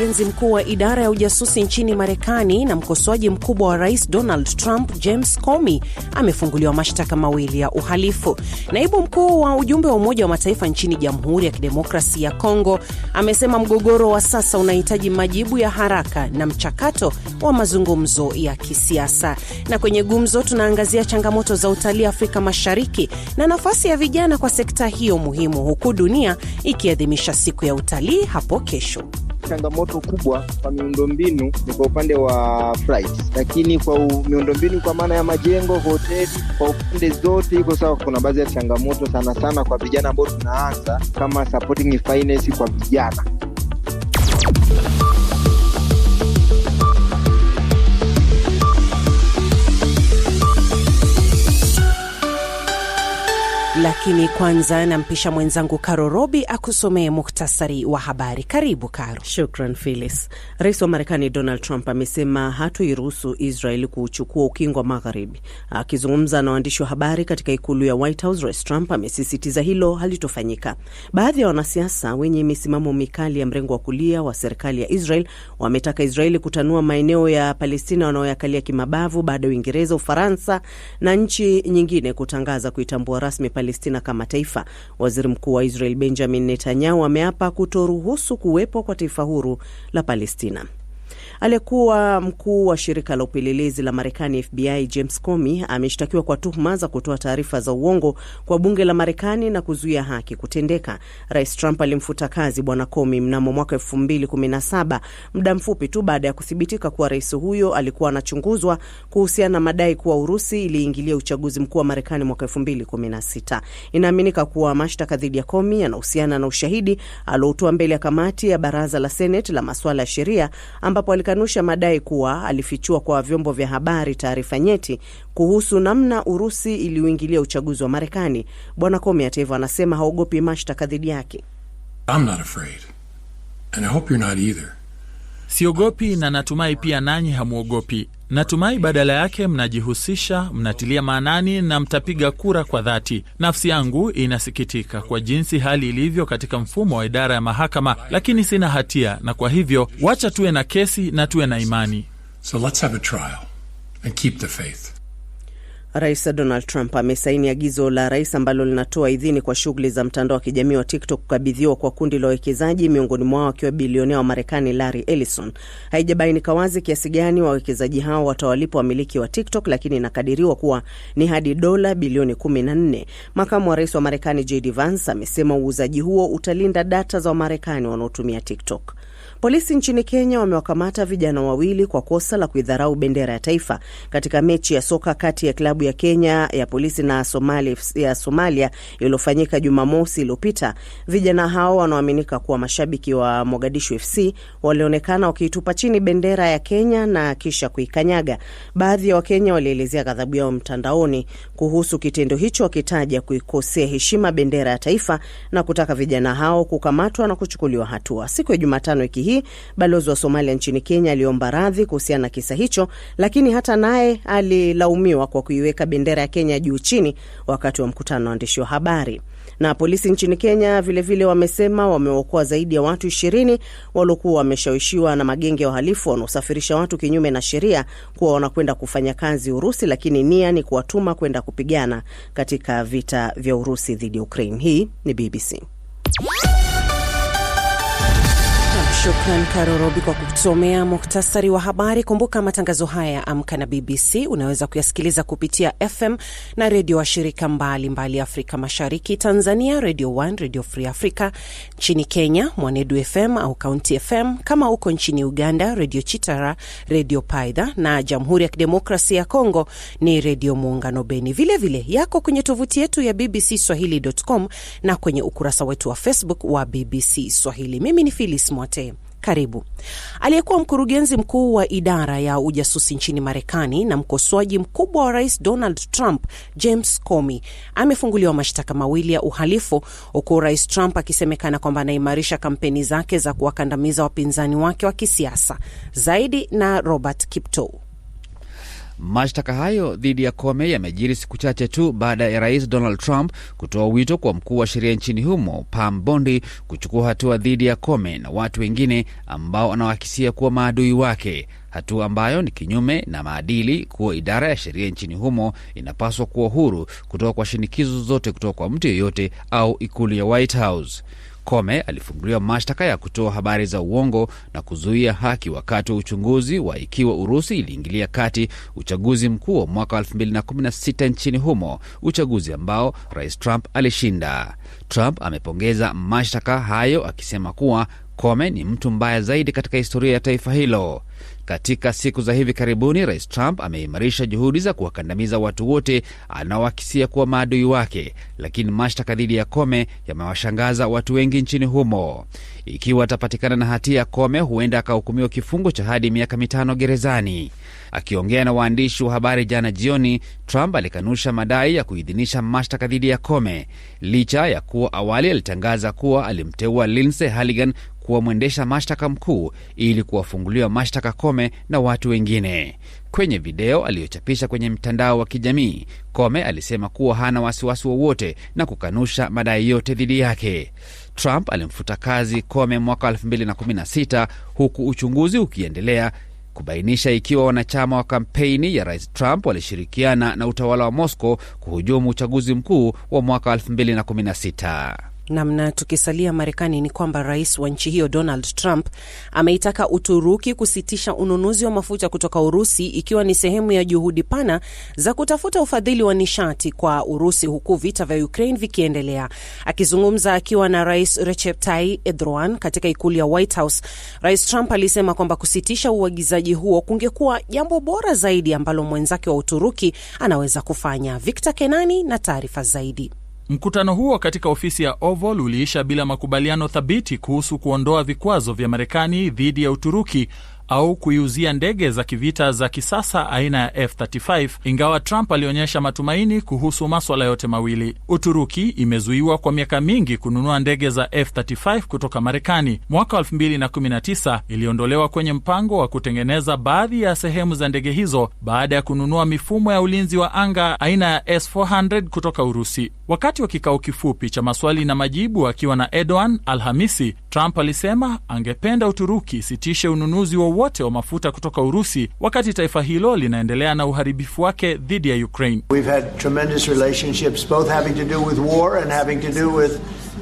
mkurugenzi mkuu wa idara ya ujasusi nchini Marekani na mkosoaji mkubwa wa rais Donald Trump, James Comey amefunguliwa mashtaka mawili ya uhalifu. Naibu mkuu wa ujumbe wa Umoja wa Mataifa nchini Jamhuri ya kidemokrasi ya Kongo amesema mgogoro wa sasa unahitaji majibu ya haraka na mchakato wa mazungumzo ya kisiasa. Na kwenye gumzo tunaangazia changamoto za utalii Afrika Mashariki na nafasi ya vijana kwa sekta hiyo muhimu, huku dunia ikiadhimisha siku ya utalii hapo kesho changamoto kubwa kwa miundombinu ni kwa upande wa flight. lakini kwa miundombinu kwa maana ya majengo, hoteli, kwa upande zote iko sawa. Kuna baadhi ya changamoto sana sana kwa vijana ambao tunaanza kama supporting finance kwa vijana Lakini kwanza nampisha mwenzangu Karo Robi akusomee muktasari wa habari. Karibu Karo. Shukran Filis. Rais wa Marekani Donald Trump amesema hatuiruhusu Israeli kuuchukua ukingo wa Magharibi. Akizungumza na waandishi wa habari katika ikulu ya White House, Rais Trump amesisitiza hilo halitofanyika. Baadhi ya wanasiasa wenye misimamo mikali ya mrengo wa kulia wa serikali ya Israel wametaka Israeli kutanua maeneo ya Palestina wanaoyakalia kimabavu baada ya Uingereza, Ufaransa na nchi nyingine kutangaza kuitambua rasmi Palestina Palestina kama taifa. Waziri Mkuu wa Israel Benjamin Netanyahu ameapa kutoruhusu kuwepo kwa taifa huru la Palestina. Aliyekuwa mkuu wa shirika la upelelezi la Marekani FBI James Comey ameshtakiwa kwa tuhuma za kutoa taarifa za uongo kwa bunge la Marekani na kuzuia haki kutendeka. Rais Trump alimfuta kazi bwana Comey mnamo mwaka 2017 muda mfupi tu baada ya kuthibitika kuwa rais huyo alikuwa anachunguzwa kuhusiana na madai kuwa Urusi iliingilia uchaguzi mkuu wa Marekani mwaka 2016. Inaaminika kuwa mashtaka dhidi ya Comey yanahusiana na ushahidi aliotoa mbele ya kamati ya baraza la Senate la masuala ya sheria ambapo amekanusha madai kuwa alifichua kwa vyombo vya habari taarifa nyeti kuhusu namna Urusi iliuingilia uchaguzi wa Marekani. Bwana Comey hata hivyo anasema haogopi mashtaka dhidi yake. Siogopi na natumai pia nanyi hamwogopi. Natumai badala yake mnajihusisha, mnatilia maanani na mtapiga kura kwa dhati. Nafsi yangu inasikitika kwa jinsi hali ilivyo katika mfumo wa idara ya mahakama, lakini sina hatia, na kwa hivyo wacha tuwe na kesi na tuwe na imani. So let's have a trial and keep the faith. Rais Donald Trump amesaini agizo la rais ambalo linatoa idhini kwa shughuli za mtandao wa kijamii wa TikTok kukabidhiwa kwa kundi la wawekezaji, miongoni mwao akiwa bilionea wa Marekani Larry Ellison. Haijabainika wazi kiasi gani wawekezaji hao watawalipa wamiliki wa TikTok, lakini inakadiriwa kuwa ni hadi dola bilioni 14. Makamu wa rais wa Marekani JD Vance amesema uuzaji huo utalinda data za Wamarekani wanaotumia TikTok. Polisi nchini Kenya wamewakamata vijana wawili kwa kosa la kuidharau bendera ya taifa katika mechi ya soka kati ya klabu ya Kenya ya polisi na Somali, ya Somalia iliyofanyika Jumamosi iliyopita. Vijana hao wanaoaminika kuwa mashabiki wa Mogadishu FC walionekana wakiitupa chini bendera ya Kenya na kisha kuikanyaga. Baadhi ya Wakenya walielezea ghadhabu yao mtandaoni kuhusu kitendo hicho, wakitaja kuikosea heshima bendera ya taifa na kutaka vijana hao kukamatwa na kuchukuliwa hatua. Siku ya Jumatano wiki hii hii, balozi wa Somalia nchini Kenya aliomba radhi kuhusiana na kisa hicho, lakini hata naye alilaumiwa kwa kuiweka bendera ya Kenya juu chini wakati wa mkutano wa waandishi wa habari. Na polisi nchini Kenya vilevile vile wamesema wameokoa zaidi ya watu ishirini waliokuwa wameshawishiwa na magenge ya uhalifu wanaosafirisha watu kinyume na sheria kuwa wanakwenda kufanya kazi Urusi, lakini nia ni kuwatuma kwenda kupigana katika vita vya Urusi dhidi ya Ukraine. Hii ni BBC. Shukran Karorobi kwa kutusomea muktasari wa habari. Kumbuka matangazo haya ya Amka na BBC unaweza kuyasikiliza kupitia FM na redio wa shirika mbalimbali Afrika Mashariki, Tanzania Redio One, Redio Free Africa, nchini Kenya Mwanedu FM au Kaunti FM, kama uko nchini Uganda Redio Chitara, Redio Paidha, na Jamhuri ya Kidemokrasia ya Kongo ni Redio Muungano Beni. Vilevile yako kwenye tovuti yetu ya BBC Swahili.com na kwenye ukurasa wetu wa Facebook wa BBC Swahili. Mimi ni Filis Mwate karibu. Aliyekuwa mkurugenzi mkuu wa idara ya ujasusi nchini Marekani na mkosoaji mkubwa wa rais Donald Trump, James Comey amefunguliwa mashtaka mawili ya uhalifu, huku rais Trump akisemekana kwamba anaimarisha kampeni zake za kuwakandamiza wapinzani wake wa kisiasa. Zaidi na Robert Kipto. Mashtaka hayo dhidi ya Comey yamejiri siku chache tu baada ya rais Donald Trump kutoa wito kwa mkuu wa sheria nchini humo Pam Bondi kuchukua hatua dhidi ya Comey na watu wengine ambao anawakisia kuwa maadui wake, hatua ambayo ni kinyume na maadili kuwa idara ya sheria nchini humo inapaswa kuwa huru kutoka kwa shinikizo zote kutoka kwa mtu yeyote au ikulu ya White House. Kome alifunguliwa mashtaka ya kutoa habari za uongo na kuzuia haki wakati wa uchunguzi wa ikiwa Urusi iliingilia kati uchaguzi mkuu wa mwaka 2016 nchini humo, uchaguzi ambao Rais Trump alishinda. Trump amepongeza mashtaka hayo akisema kuwa kome ni mtu mbaya zaidi katika historia ya taifa hilo. Katika siku za hivi karibuni, Rais Trump ameimarisha juhudi za kuwakandamiza watu wote anaoakisia kuwa maadui wake, lakini mashtaka dhidi ya Kome yamewashangaza watu wengi nchini humo. Ikiwa atapatikana na hatia, Kome huenda akahukumiwa kifungo cha hadi miaka mitano gerezani. Akiongea na waandishi wa habari jana jioni, Trump alikanusha madai ya kuidhinisha mashtaka dhidi ya Kome licha ya kuwa awali alitangaza kuwa alimteua Lindsey Halligan kuwa mwendesha mashtaka mkuu ili kuwafunguliwa mashtaka Kome na watu wengine. Kwenye video aliyochapisha kwenye mtandao wa kijamii, Kome alisema kuwa hana wasiwasi wowote na kukanusha madai yote dhidi yake. Trump alimfuta kazi Kome mwaka 2016 huku uchunguzi ukiendelea kubainisha ikiwa wanachama wa kampeni ya rais Trump walishirikiana na utawala wa Moscow kuhujumu uchaguzi mkuu wa mwaka 2016. Namna tukisalia Marekani ni kwamba rais wa nchi hiyo Donald Trump ameitaka Uturuki kusitisha ununuzi wa mafuta kutoka Urusi, ikiwa ni sehemu ya juhudi pana za kutafuta ufadhili wa nishati kwa Urusi, huku vita vya Ukraine vikiendelea. Akizungumza akiwa na rais Recep tai edroan katika ikulu ya White House, rais Trump alisema kwamba kusitisha uagizaji huo kungekuwa jambo bora zaidi ambalo mwenzake wa Uturuki anaweza kufanya. Victor Kenani na taarifa zaidi. Mkutano huo katika ofisi ya Oval uliisha bila makubaliano thabiti kuhusu kuondoa vikwazo vya Marekani dhidi ya Uturuki au kuiuzia ndege za kivita za kisasa aina ya F35, ingawa Trump alionyesha matumaini kuhusu maswala yote mawili. Uturuki imezuiwa kwa miaka mingi kununua ndege za F35 kutoka Marekani. Mwaka 2019 iliondolewa kwenye mpango wa kutengeneza baadhi ya sehemu za ndege hizo baada ya kununua mifumo ya ulinzi wa anga aina ya S400 kutoka Urusi. Wakati wa kikao kifupi cha maswali na majibu akiwa na Erdogan Alhamisi, Trump alisema angependa Uturuki isitishe ununuzi wa wote wa mafuta kutoka Urusi, wakati taifa hilo linaendelea na uharibifu wake dhidi ya Ukraine.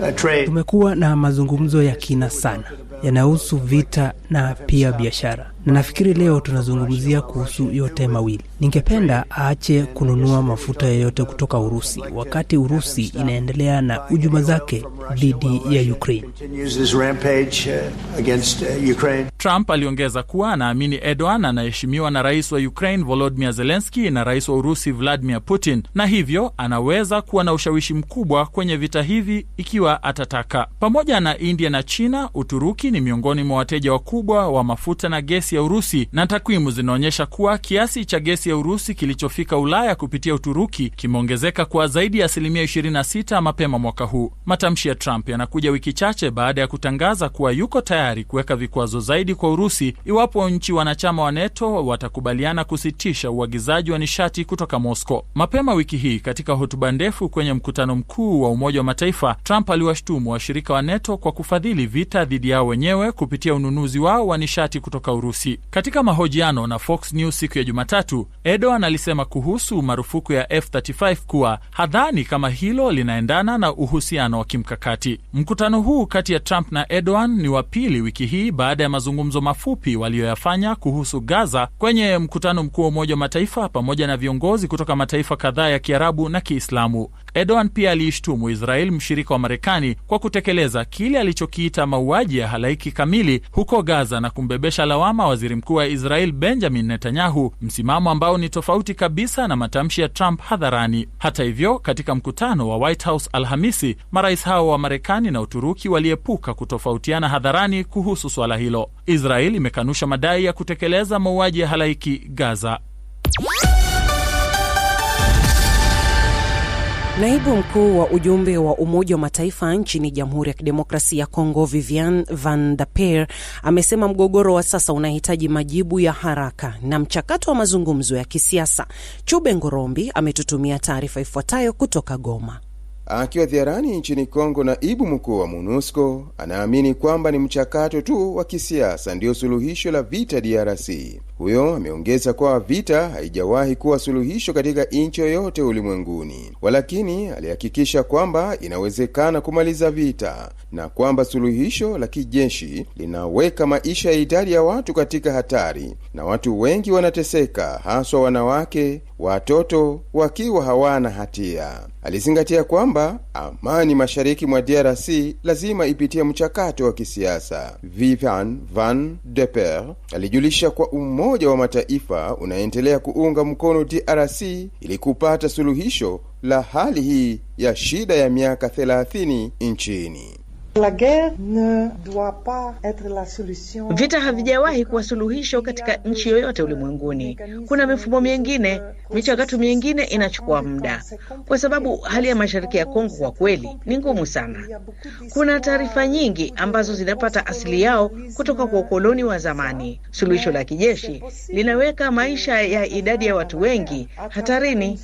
Uh, Tumekuwa na mazungumzo ya kina sana yanayohusu vita na pia biashara na nafikiri leo tunazungumzia kuhusu yote mawili. Ningependa aache kununua mafuta yoyote kutoka Urusi wakati Urusi inaendelea na hujuma zake dhidi ya Ukraine. Trump aliongeza kuwa anaamini Erdogan anaheshimiwa na rais wa Ukraine volodimir zelenski na rais wa Urusi Vladimir Putin, na hivyo anaweza kuwa na ushawishi mkubwa kwenye vita hivi ikiwa atataka. Pamoja na India na China, Uturuki ni miongoni mwa wateja wakubwa wa mafuta na gesi ya Urusi na takwimu zinaonyesha kuwa kiasi cha gesi ya Urusi kilichofika Ulaya kupitia Uturuki kimeongezeka kwa zaidi ya asilimia 26 mapema mwaka huu. Matamshi ya Trump yanakuja wiki chache baada ya kutangaza kuwa yuko tayari kuweka vikwazo zaidi kwa Urusi iwapo nchi wanachama wa NATO watakubaliana kusitisha uagizaji wa nishati kutoka Moscow. Mapema wiki hii, katika hotuba ndefu kwenye mkutano mkuu wa Umoja wa Mataifa, Trump aliwashtumu washirika wa NATO kwa kufadhili vita dhidi yao wenyewe kupitia ununuzi wao wa nishati kutoka Urusi nyeusi Katika mahojiano na Fox News siku ya Jumatatu, edoan alisema kuhusu marufuku ya F35 kuwa hadhani kama hilo linaendana na uhusiano wa kimkakati. Mkutano huu kati ya Trump na edoan ni wa pili wiki hii baada ya mazungumzo mafupi waliyoyafanya kuhusu Gaza kwenye mkutano mkuu wa Umoja wa Mataifa pamoja na viongozi kutoka mataifa kadhaa ya Kiarabu na Kiislamu. Erdogan pia aliishtumu Israel, mshirika wa Marekani, kwa kutekeleza kile alichokiita mauaji ya halaiki kamili huko Gaza na kumbebesha lawama waziri mkuu wa Israel Benjamin Netanyahu, msimamo ambao ni tofauti kabisa na matamshi ya Trump hadharani. Hata hivyo, katika mkutano wa White House Alhamisi, marais hao wa Marekani na Uturuki waliepuka kutofautiana hadharani kuhusu swala hilo. Israel imekanusha madai ya kutekeleza mauaji ya halaiki Gaza. Naibu mkuu wa ujumbe wa Umoja wa Mataifa nchini Jamhuri ya Kidemokrasia ya Kongo, Vivian Van Daper, amesema mgogoro wa sasa unahitaji majibu ya haraka na mchakato wa mazungumzo ya kisiasa. Chube Ngorombi ametutumia taarifa ifuatayo kutoka Goma akiwa ziarani nchini Kongo, naibu mkuu wa MONUSCO anaamini kwamba ni mchakato tu wa kisiasa ndiyo suluhisho la vita DRC. Huyo ameongeza kwamba vita haijawahi kuwa suluhisho katika nchi yoyote ulimwenguni, walakini alihakikisha kwamba inawezekana kumaliza vita na kwamba suluhisho la kijeshi linaweka maisha ya idadi ya watu katika hatari, na watu wengi wanateseka, haswa wanawake, watoto wakiwa hawana hatia. Alizingatia kwamba kwamba amani mashariki mwa DRC lazima ipitie mchakato wa kisiasa. Vivian Van de Per alijulisha kwa Umoja wa Mataifa unaendelea kuunga mkono DRC ili kupata suluhisho la hali hii ya shida ya miaka 30 nchini. La ne doit pas la solution. Vita havijawahi kuwa suluhisho katika nchi yoyote ulimwenguni. Kuna mifumo mingine Michakato mingine inachukua muda, kwa sababu hali ya mashariki ya Kongo kwa kweli ni ngumu sana. Kuna taarifa nyingi ambazo zinapata asili yao kutoka kwa ukoloni wa zamani. Suluhisho la kijeshi linaweka maisha ya idadi ya watu wengi hatarini.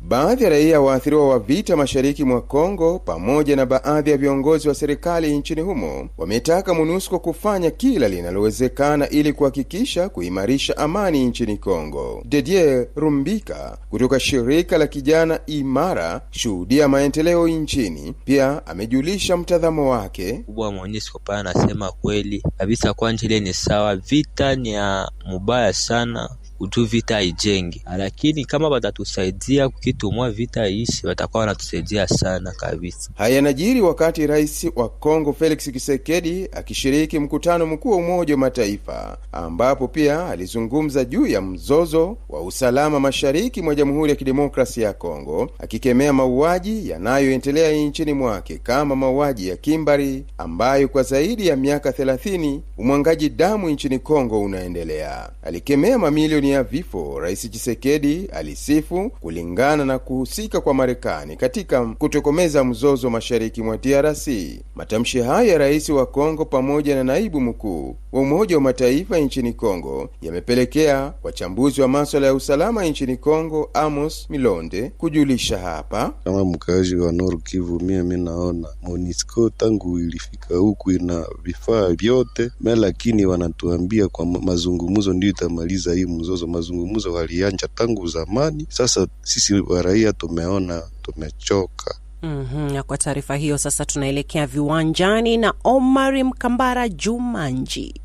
Baadhi ya raia waathiriwa wa vita mashariki mwa Kongo pamoja na baadhi ya viongozi wa serikali nchini humo wametaka MONUSCO kufanya kila linalowezekana na ili kuhakikisha kuimarisha amani nchini Kongo. Dedier Rumbika kutoka shirika la kijana Imara shuhudia maendeleo nchini pia amejulisha mtazamo wake. Kubwa Monisco pale anasema kweli kabisa, kwani ile ni sawa, vita ni ya mubaya sana utu vita ijengi lakini kama watatusaidia kukitumua vita ishi, watakuwa wanatusaidia sana kabisa. Haya yanajiri wakati rais wa Kongo Felix Tshisekedi akishiriki mkutano mkuu wa Umoja wa Mataifa, ambapo pia alizungumza juu ya mzozo wa usalama mashariki mwa Jamhuri ya Kidemokrasia ya Kongo, akikemea mauaji yanayoendelea nchini mwake kama mauaji ya kimbari ambayo kwa zaidi ya miaka 30 umwangaji damu nchini Kongo unaendelea. Alikemea mamilioni darzeni ya vifo, Rais Chisekedi alisifu kulingana na kuhusika kwa Marekani katika kutokomeza mzozo mashariki mwa DRC. Matamshi haya ya rais wa Kongo pamoja na naibu mkuu wa Umoja wa Mataifa nchini Kongo yamepelekea wachambuzi wa maswala ya usalama nchini Kongo, Amos Milonde, kujulisha hapa. Kama mkaaji wa Nord Kivu, mie mi naona MONUSCO tangu ilifika huku ina vifaa vyote me, lakini wanatuambia kwa mazungumzo ndio itamaliza hii mzozo ambazo mazungumzo walianja tangu zamani. Sasa sisi raia tumeona tumechoka. Mm -hmm. Na kwa taarifa hiyo sasa tunaelekea viwanjani na Omari Mkambara Jumanji.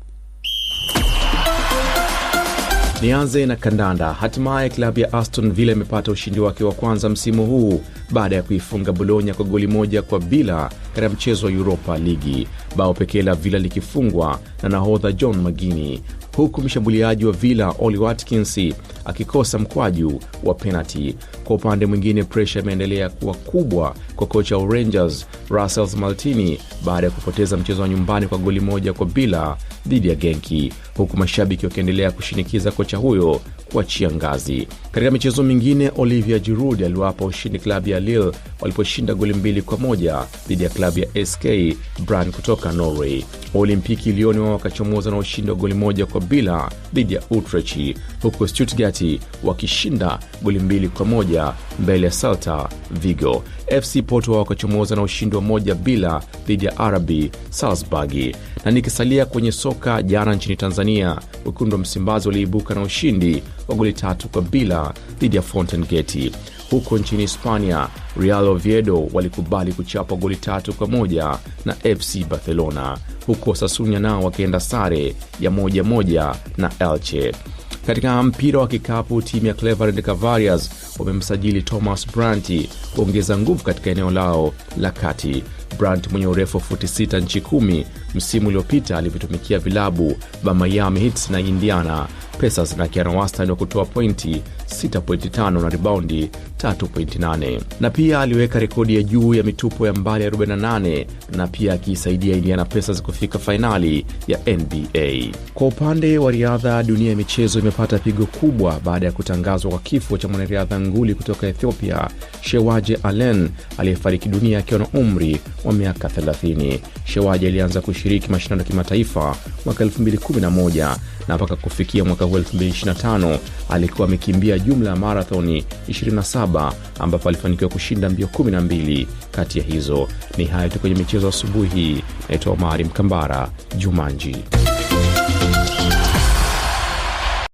Nianze na kandanda. Hatimaye klabu ya Aston Villa imepata ushindi wake wa kwanza msimu huu baada ya kuifunga bolonya kwa goli moja kwa bila katika mchezo wa Europa Ligi, bao pekee la vila likifungwa na nahodha John Magini, huku mshambuliaji wa vila Oli Watkins akikosa mkwaju wa penalti. Kwa upande mwingine, presha imeendelea kuwa kubwa kwa kocha wa Rangers Russell Maltini baada ya kupoteza mchezo wa nyumbani kwa goli moja kwa bila dhidi ya Genki, huku mashabiki wakiendelea kushinikiza kocha huyo kuachia ngazi. Katika michezo mingine, olivia Giroud aliwapa ushindi klabu ya Lille waliposhinda goli mbili kwa moja dhidi ya klabu ya SK Brann kutoka Norway. Olimpiki Lioni wao wakachomoza na ushindi wa goli moja kwa bila dhidi ya utrechi huku Stuttgart wakishinda goli mbili kwa moja mbele ya Celta Vigo. FC Porto wao wakachomoza na ushindi wa moja bila dhidi ya RB salzburgi na nikisalia kwenye soka, jana nchini Tanzania, wekundu wa Msimbazi waliibuka na ushindi wa goli tatu kwa bila dhidi ya Fountain geti Huko nchini Hispania, Real Oviedo walikubali kuchapwa goli tatu kwa moja na FC Barcelona, huko sasunya nao wakienda sare ya moja moja na Elche. Katika mpira wa kikapu timu ya Cleveland cavarias wamemsajili Thomas branti kuongeza nguvu katika eneo lao la kati brant mwenye urefu wa futi 6 nchi kumi msimu uliopita alivitumikia vilabu vya Miami hits na Indiana pesas na kiana wastani wa kutoa pointi 6.5 na ribaundi 3.8 na pia aliweka rekodi ya juu ya mitupo ya mbali 48 na pia akiisaidia Indiana Pacers kufika fainali ya NBA. Kwa upande wa riadha, dunia ya michezo imepata pigo kubwa baada ya kutangazwa kwa kifo cha mwanariadha nguli kutoka Ethiopia Shewaje Alen aliyefariki dunia akiwa na umri wa miaka 30. Shewaje alianza kushiriki mashindano ya kimataifa mwaka 2011 na mpaka kufikia mwaka huu 2025 alikuwa amekimbia jumla ya marathoni 27 ambapo alifanikiwa kushinda mbio 12 kati ya hizo. Ni hayo tu kwenye michezo asubuhi. Naitwa Omari Mkambara Jumanji.